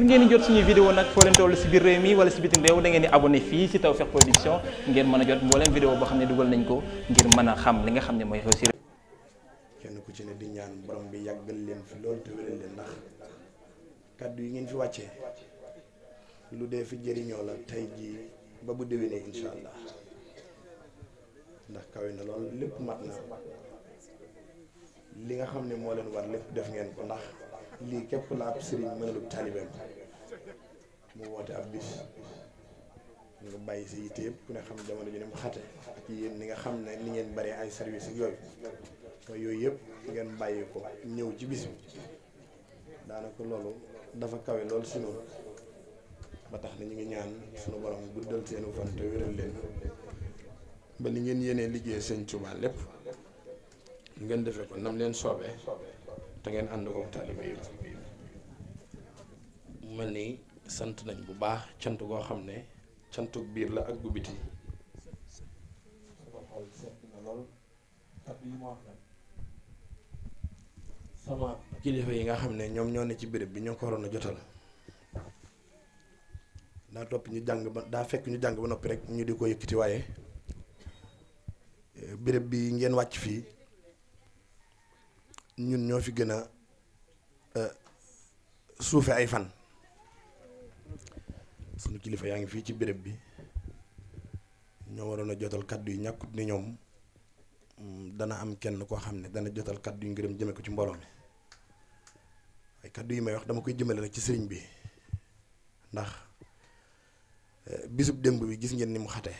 ngir ngeen di jot suñuy vidéo nag foo leen toll si biir réew mi wala si bitim réew da ngeen di abonné fii si Tawfekh Production ngeen mën a jot mboolem vidéo boo xam ne dugal nañ ko ngir mën a xam li nga xam ne mooy xew si réew kenn ku ci ne di ñaan borom bi yàggal leen fi loolu te wéral leen ndax kàddu yi ngeen fi wàccee lu dee fi jëriñoo la tey jii ba bu déwénee insha allah ndax kawe na lépp mat na li nga xam ne moo leen war lépp def ngeen ko ndax lii képp la ab sëriñ mënalub taalibeem mu woote ab bis nga bàyyi sa yitte yëpp ku ne xam jamono ji ne mu xate ak yéen ni nga xam ne ni ngeen baree ay service ak yooyu mooy yooyu yëpp ngeen bàyyi ko ñëw ci bis bi daanaka loolu dafa kawe loolu si noonu ba tax na ñu ngi ñaan suñu borom guddal seenu fan te wéral leen ba ni ngeen yéenee liggéey seen Tuubaa lépp ngeen defe ko nam leen soobee te ngeen ànd ko taalibe yëpp mu mel ni sant nañ bu baax cant goo xam ne cantu biir la ak bu biti yi sama kilifa yi nga xam ne ñoom ñoo ne ci bërëb bi ñoo ko waroon a jotal daa topp ñu jàng ba daa fekk ñu jàng ba noppi rek ñu di ko yëkkati waaye eh, béréb bi ngeen wàcc fii ñun ñoo fi gën a euh, suufe ay fan sunu kilifa yaa ngi fii ci béréb bi ñoo waroon a jotal kàddu yi ñàkkut ni ñoom mm, dana am kenn koo xam ne dana jotal kàddu yu ngërëm jëme ko ci mbooloo mi kàddu yi may wax dama koy jëmale rek ci sëriñ bi ndax euh, bisub démb bi gis ngeen ni mu xate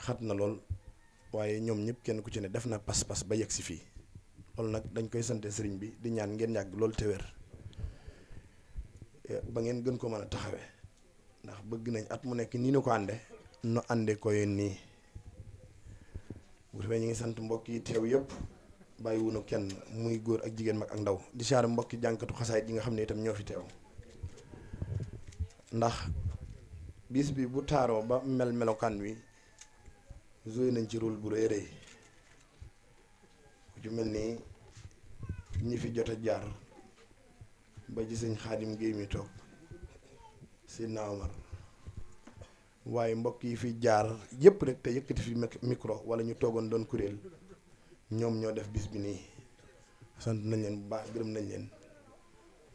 xat na lool waaye ñoom ñëpp kenn ku ci ne def na pas-pas ba yegg si fii loolu nag dañ koy sante sëriñ bi di ñaan ngeen yàgg loolu te wér eh, ba ngeen gën ko mën a taxawe ndax bëgg nañ at mu nekk nii nu ko ànde nu ànde ko yéen nii bu defee ñu ngi sant mbokk yi teew yëpp bàyyi wunu kenn muy góor ak jigéen mag ak ndaw di saar mbokki jànkatu xasaay yi nga xam ne itam ñoo fi teew ndax bis bi bu taaroo ba mel melokaan wi joué nañ ci rôle bu rëy rëy ju mel ni ñi fi jot a jaar ba ci sëñ xaadim géey mi toog si naawmar waaye mbokk yi fi jaar yépp rek te yëkkati fi micro wala ñu toogoon doon kuréel ñoom ñoo def bis bi nii sant nañ leen bu baax gërëm nañ leen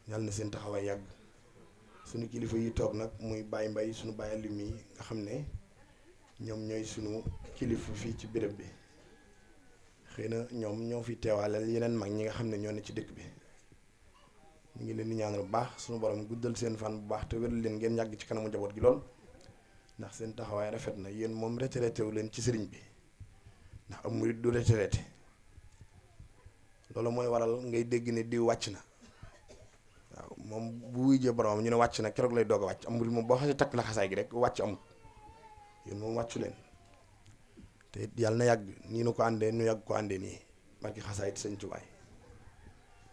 yàlla na seen taxawaay yàgg suñu kilifa yi toog nag muy Baye Mbaye suñu Baye Alioumi nga xam ne ñoom ñooy suñu kilifa fii ci bërëb bi xëy na ñoom ñoo fi teewaaleel yeneen mag ñi nga xam ne ñoo ne ci dëkk bi ñu ngi leen di ñaanal bu baax suñu borom guddal seen fan bu baax te wéral leen ngeen yàgg ci kanamu njaboot gi lool ndax seen taxawaay rafet na yéen moom retraité wu leen ci sëriñ bi ndax am murit du retraité loolu mooy waral ngay dégg ne di wàcc na waaw moom bu wujjee boromam ñu ne wàcc na keroog lay doog wàcc am murit moom boo xasee takk la gi rek wàcc amut yéen moom wàccu leen. te yàlla na yàgg nii nu ko àndee nu yàgg ko àndee nii barki xasaayit sëñ Tubaay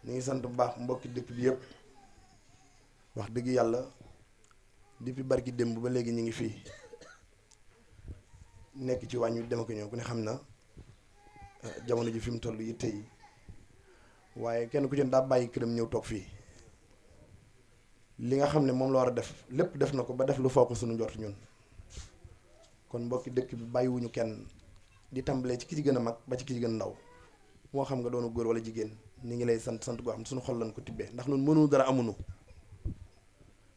ñu ngi sant bu baax mbokki dëkk bi yëpp wax dëgg yàlla depuis barki démb ba léegi ñu ngi fii nekk ci wàññi dem ak ñëw ku ne xam na eh, jamono ji fi mu toll yitte waaye kenn ku ci daa bàyyi këram ñëw toog fii li nga xam ne moom la war a def lépp def na ko ba def lu foo ko suñu njort ñun kon mbokki dëkk bi bàyyiwuñu kenn di tàmbalee ci ki ci gën a mag ba ci ki ci gën a ndaw moo xam nga doonu góor wala jigéen ni ngi lay sant sant ko am ne suñu xol lañ ko tibbee ndax ñun mënu dara amunu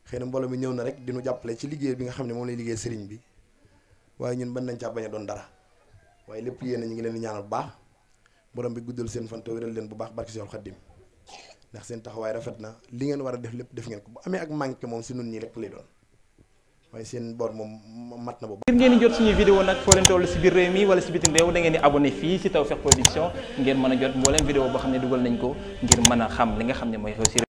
xëy na mbooloo mi ñëw na rek di nu jàppale ci liggéey bi nga xam ne moom lay liggéey sëriñ bi waaye ñun ban nañ caa bañ a doon dara waaye lépp yéen ñu ngi leen di ñaanal bu baax borom bi guddal seen fan te wéral leen bu baax barki Seexul Xaddim ndax seen taxawaay rafet na li ngeen war def lépp def ngeen ko bu amee ak moom si nun ñi rek lay doon waaye seen bor moom mat na boobu. ngir ngeen jot suñu vidéo nag foo leen toll si biir réew mi wala si bitim réew da ngeen di abonné fii si Tawfekh Production ngeen mën a jot mbooleem vidéo boo xam ne dugal nañ ko ngir mën a xam li nga xam ne mooy réussir